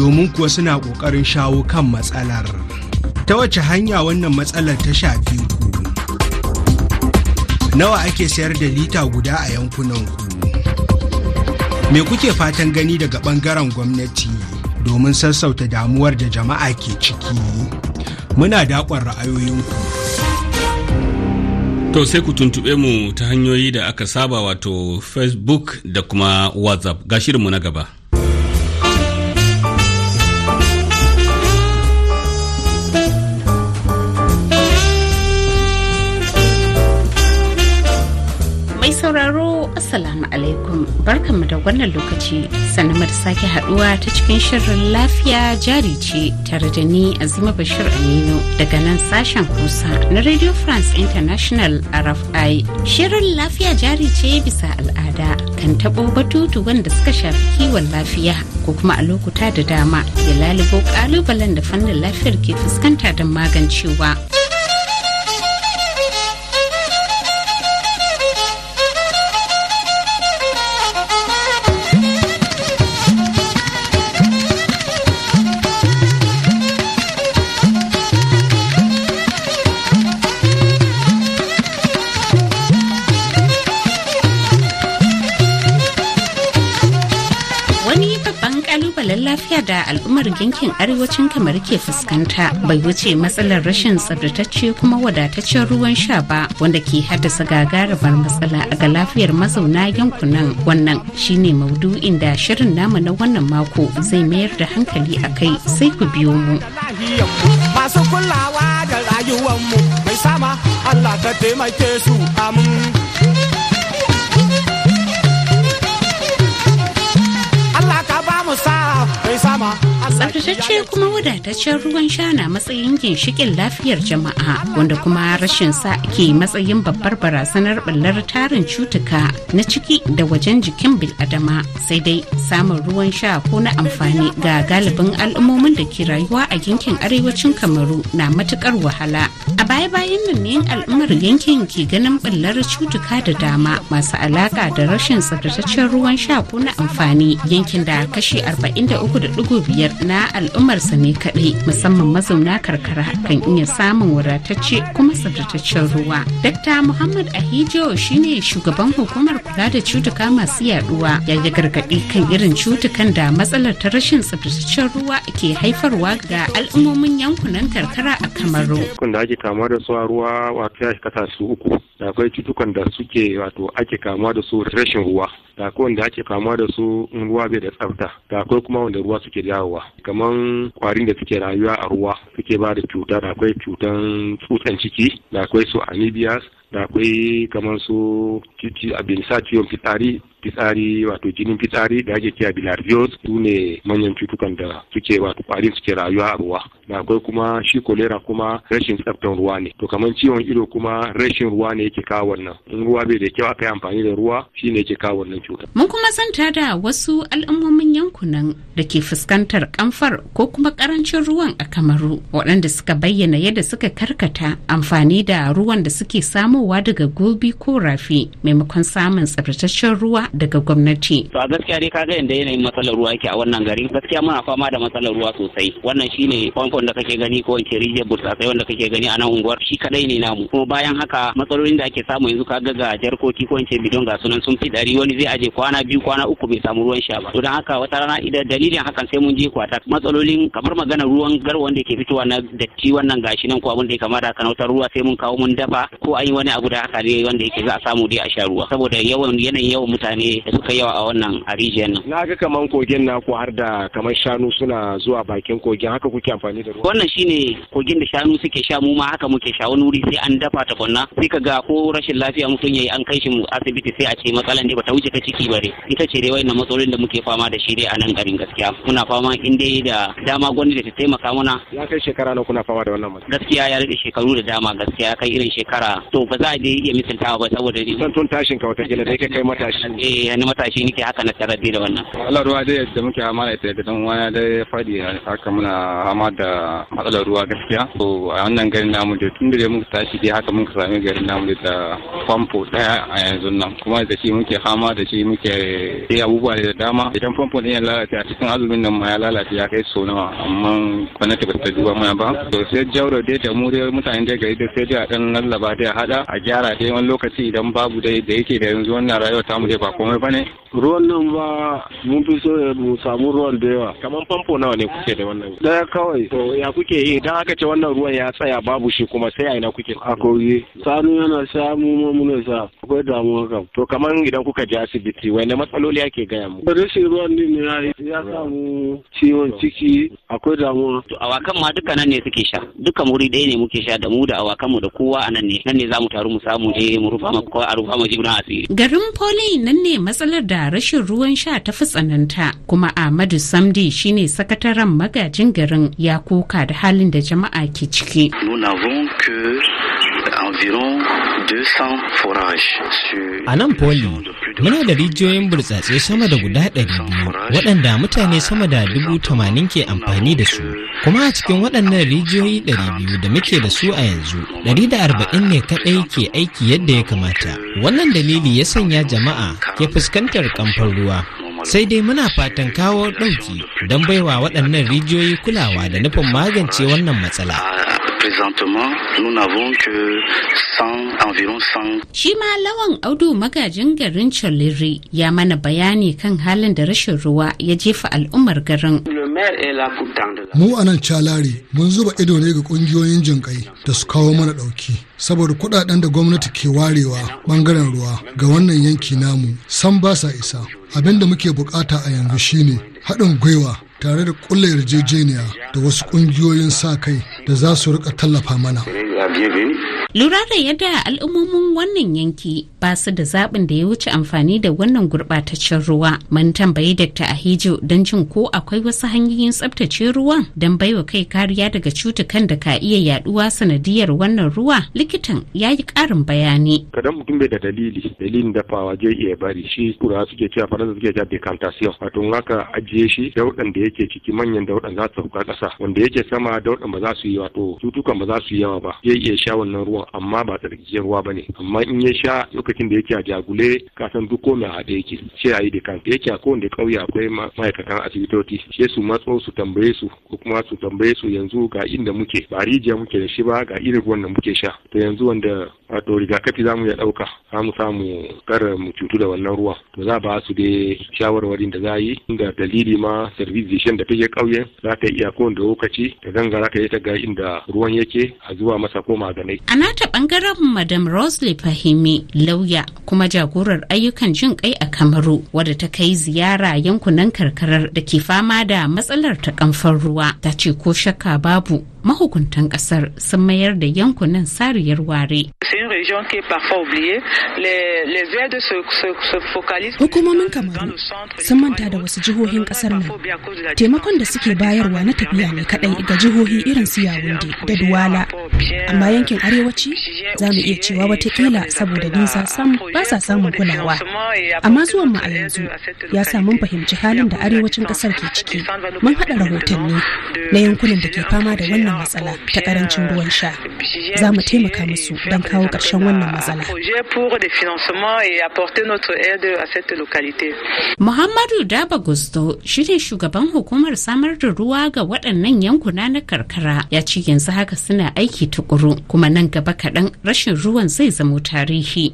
domin kuwa suna ƙoƙarin shawo kan matsalar. Ta wace hanya wannan matsalar ta shafi ku? Nawa ake sayar da lita guda a yankunan ku? Me kuke fatan gani daga ɓangaren gwamnati domin sassauta damuwar da jama'a ke ciki? Muna daƙon ra'ayoyinku. To sai ku tuntuɓe mu ta hanyoyi da aka saba wato Facebook da kuma WhatsApp ga shirinmu na gaba. sauraro Assalamu alaikum barkanmu da wannan lokaci sannan da sake haduwa ta cikin shirin lafiya jari ce tare da ni Azima Bashir Aminu daga nan sashen kusa na Radio France International RFI. Shirin lafiya jari ce bisa al'ada kan tabo batutu wanda suka shafi kiwon lafiya ko kuma a lokuta da dama ya lalubo kalubalen da fannin lafiyar ke fuskanta don magancewa da al'ummar yankin arewacin kamar ke fuskanta bai wuce matsalar rashin tsabtatacce kuma wadataccen ruwan sha ba wanda ke haddasa gagarumar matsala ga lafiyar mazauna yankunan wannan shine maudu'in da shirin namu na wannan mako zai mayar da hankali a kai sai ku biyo mu Tsaftatacce kuma wadataccen ruwan sha na matsayin ginshikin lafiyar jama'a wanda kuma rashin sa ke matsayin babbar barasanar ɓallar tarin cutuka na ciki da wajen jikin bil'adama sai dai samun ruwan sha ko na amfani ga galibin al'ummomin da ke rayuwa a yankin arewacin kamaru na matukar wahala. A baya-bayan nan ne al'ummar yankin ke ganin ɓallar cutuka da dama masu alaka da rashin tsaftatacce ruwan sha ko na amfani yankin da kashi 43.5 na al'ummarsa ne kaɗai musamman mazauna karkara kan iya samun wadatacce kuma tsabtataccen ruwa. Dr. Muhammad Ahijo shine shugaban hukumar kula da cutuka masu yaduwa ya yi gargaɗi kan irin cutukan da matsalar ta rashin tsabtataccen ruwa ke haifarwa ga al'ummomin yankunan karkara a Kamaru. da ake kama da su a ruwa wato ya kasa su uku da akwai cutukan da suke wato ake kama da su rashin ruwa da akwai wanda ake kama da su ruwa bai da tsafta da akwai kuma wanda ruwa suke jawowa kamar kaman kwarin da suke rayuwa a ruwa suke ba da cuta da akwai cutan tsutsan ciki da akwai su anibias da akwai kamar su abin sa ciwon fitari. fitsari wato jinin fitsari da ake kiya su ne manyan cutukan da suke wato kwarin suke rayuwa a ruwa da akwai kuma shi kolera kuma rashin tsaftan ruwa ne to kamar ciwon ido kuma rashin ruwa ne yake kawo wannan in ruwa bai da kyau aka yi amfani da ruwa shi ne yake kawo wannan cuta. mun kuma santa da wasu al'ummomin yankunan da ke fuskantar kamfar ko kuma karancin ruwan a kamaru waɗanda suka bayyana yadda suka karkata amfani da ruwan da suke samowa daga gulbi ko rafi maimakon samun tsabtataccen ruwa daga gwamnati. To a gaskiya dai kaga yanda yanayin matsalar ruwa yake a wannan gari gaskiya muna fama da matsalar ruwa sosai wannan shine famfon da kake gani ko wance rijiyar burtsatsai wanda kake gani a nan unguwar shi kadai ne namu kuma bayan haka matsalolin da ake samu yanzu ka ga jarkoki ko wance bidon ga sunan sun fi dari wani zai aje kwana biyu kwana uku bai samu ruwan sha ba to don haka wata rana idan dalilin hakan sai mun je kwata matsalolin kamar magana ruwan garwa wanda yake fitowa na datti wannan gashi nan ko abin da ya kamata haka na ruwa sai mun kawo mun dafa ko an yi wani abu da haka ne wanda yake za a samu dai a sha ruwa saboda yawan yanayin yawan mutane mutane da suka yawa a wannan a rijiyar nan. Na ga kaman kogin na naku har da kamar shanu suna zuwa bakin kogin haka kuke amfani da ruwa. Wannan shine kogin da shanu suke sha mu ma haka muke sha wani wuri sai an dafa ta kunna sai ka ga ko rashin lafiya mutum yayi an kai shi asibiti sai a ce matsalan ne bata wuce ta ciki bare ita ce dai wannan matsalolin da muke fama da shi dai a nan garin gaskiya muna fama in dai da dama gwamnati ta taimaka mana. Ya kai shekara na kuna fama da wannan matsala. Gaskiya ya rike shekaru da dama gaskiya kai irin shekara to ba za a dai iya misaltawa ba saboda ni. San tun tashin ka wata gida da kai matashi. Eh, eh wani matashi nake haka na tarar da wannan matsalar ruwa dai yadda muke hama hamala ita da dan wani da ya fadi haka muna hama da matsalar ruwa gaskiya to a wannan garin namu da tun da dai muka tashi dai haka muka sami garin namu da famfo ɗaya a yanzu nan kuma da shi muke hama da shi muke yi abubuwa da dama idan famfo ɗin ya lalace a cikin azumin nan ma ya lalace ya kai so nawa amma gwamnati ba ta duba mana ba to sai jauro dai da mu dai mutanen dai gari dai sai dai a ɗan lallaba dai a haɗa a gyara dai wani lokaci idan babu dai da yake da yanzu wannan rayuwar tamu dai ba komai ba ne ruwan nan ba mun fi so mu samu ruwan da yawa kamar famfo nawa ne kuke da wannan daya kawai to ya kuke yi idan aka ce wannan ruwan ya tsaya babu shi kuma sai a ina kuke a kogi sanu yana sha mu ma muna sha akwai damuwa kam to kamar idan kuka je asibiti wani matsaloli ake gaya mu rashin ruwan din ne ya samu ciwon ciki akwai damuwa to awakan ma duka nan ne suke sha duka muri dai ne muke sha da mu da awakan mu da kowa a nan ne nan ne zamu taru mu samu je mu rufa ma kowa a rufa ma jibrin asiri garin poli nan ne matsalar da rashin ruwan sha ta fi tsananta kuma Ahmadu Samdi shine sakataren magajin garin ya koka da halin da jama'a ke ciki nous n'avons que environ A nan Poli, muna da rijiyoyin burtsatse sama da guda ɗari biyu waɗanda mutane sama da dubu tamanin ke amfani da su. Kuma a cikin waɗannan rijiyoyi ɗari biyu da muke da su a yanzu, ɗari da arba'in ne kaɗai ke aiki yadda ya kamata. Wannan dalili ya sanya jama'a ke fuskantar kamfan ruwa. sai dai muna fatan kawo ɗauki don baiwa waɗannan rijiyoyi kulawa da nufin magance wannan matsala. présentement, nous n'avons que 100, environ 100. Shi ma lawan audu magajin garin Choliri ya mana bayani kan halin da rashin ruwa ya jefa al'ummar garin. Mu anan nan mun zuba ido ne ga kungiyoyin jinkai da su kawo mana ɗauki. Saboda kuɗaɗen da gwamnati ke warewa ɓangaren ruwa ga wannan yanki namu san ba sa isa. abinda da muke bukata a yanzu shine haɗin gwiwa tare da ƙulla yarjejeniya da wasu kungiyoyin sa kai da za su rika tallafa mana. Lura da yadda al'ummomin wannan yanki ba su da zaɓin da ya wuce amfani da wannan gurɓataccen ruwa. Mun tambayi Dr. Ahijo don jin ko akwai wasu hanyoyin tsabtace ruwan don baiwa kai kariya daga cutukan da ka iya yaduwa sanadiyar wannan ruwa. Likitan ya yi ƙarin bayani. Kadan mutum bai da dalili, dalilin dafawa zai iya bari shi kura suke cewa faransa suke cewa decantation. Wato haka ajiye shi daudan da yake ciki manyan daudan za su sauka ƙasa wanda yake sama daudan ba za su yi wato cutukan ba za su yi yawa ba zai iya sha wannan ruwan ruwa amma ba tsarkakiyar ruwa bane amma in ya sha lokacin da yake a jagule ka san duk komai a haɗe yake ce a yi da kan yake a kowanne ƙauye akwai ma'aikatan asibitoci sai su matso su tambaye su ko kuma su tambaye su yanzu ga inda muke ba rijiya muke da shi ba ga irin ruwan da muke sha to yanzu wanda wato rigakafi za mu iya ɗauka za mu samu kar mu cutu da wannan ruwa to za ba su dai shawarwarin da za yi inda dalili ma service da take ƙauye za ta iya kowanne lokaci ta za ta yi ta ga inda ruwan yake a zuwa masa ko maganai. A nata bangaren madam rosley fahimi lauya kuma jagorar ayyukan jin kai a kamaru wadda ta kai ziyara yankunan karkarar da ke fama da matsalar ta kamfan ruwa ta ce ko shakka babu mahukuntan kasar sun mayar da yankunan sariyar ware. Hukumomin Kamaru sun manta da wasu jihohin kasar nan. Taimakon da suke bayarwa na tafiya ne kadai ga jihohi irin su Yawunde da Duwala. Amma yankin arewaci za mu iya cewa watakila saboda nisa sam ba sa samun kulawa. Amma zuwan mu a yanzu ya sa mun fahimci halin da arewacin kasar ke ciki. Mun haɗa rahotanni na yankunan da ke fama da wannan wannan matsala ta karancin ruwan sha za mu taimaka musu don kawo ƙarshen wannan matsala muhammadu daba gusto shine shugaban hukumar samar da ruwa ga waɗannan yankuna na karkara ya ce yanzu haka suna aiki tukuru kuma nan gaba kaɗan rashin ruwan zai zamo tarihi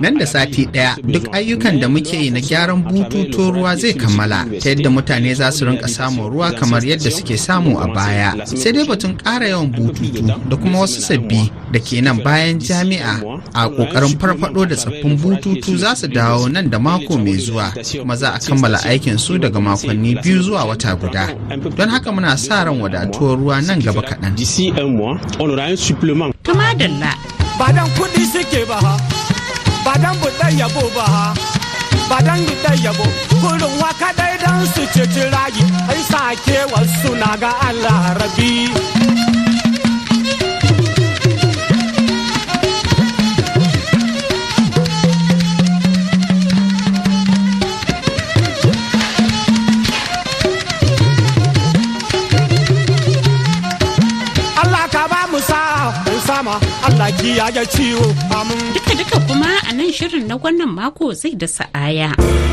nan da sati ɗaya duk ayyukan da muke yi na gyaran bututun ruwa zai kammala ta yadda mutane za su rinka samun ruwa kamar yadda suke samu a baya sai dai batun ƙara yawan bututu da kuma wasu sabbi da ke nan bayan jami'a a ƙoƙarin farfado da tsaffin bututu za su dawo nan da mako mai zuwa kuma za a kammala aikin su daga makonni biyu zuwa wata guda don haka muna sa ran wadatuwar ruwa nan gaba kaɗan. la. Ba dan kuɗi suke ba ha, ba dan buɗar yabo ba ha. ba dangi yabo gurin waka dai dan su ceci rayi ai sake wasu na ga Allah rabi Allah ka ba mu sa sama Allah ki ya ciwo amin duka kuma nan shirin na wannan mako zai da sa'aya.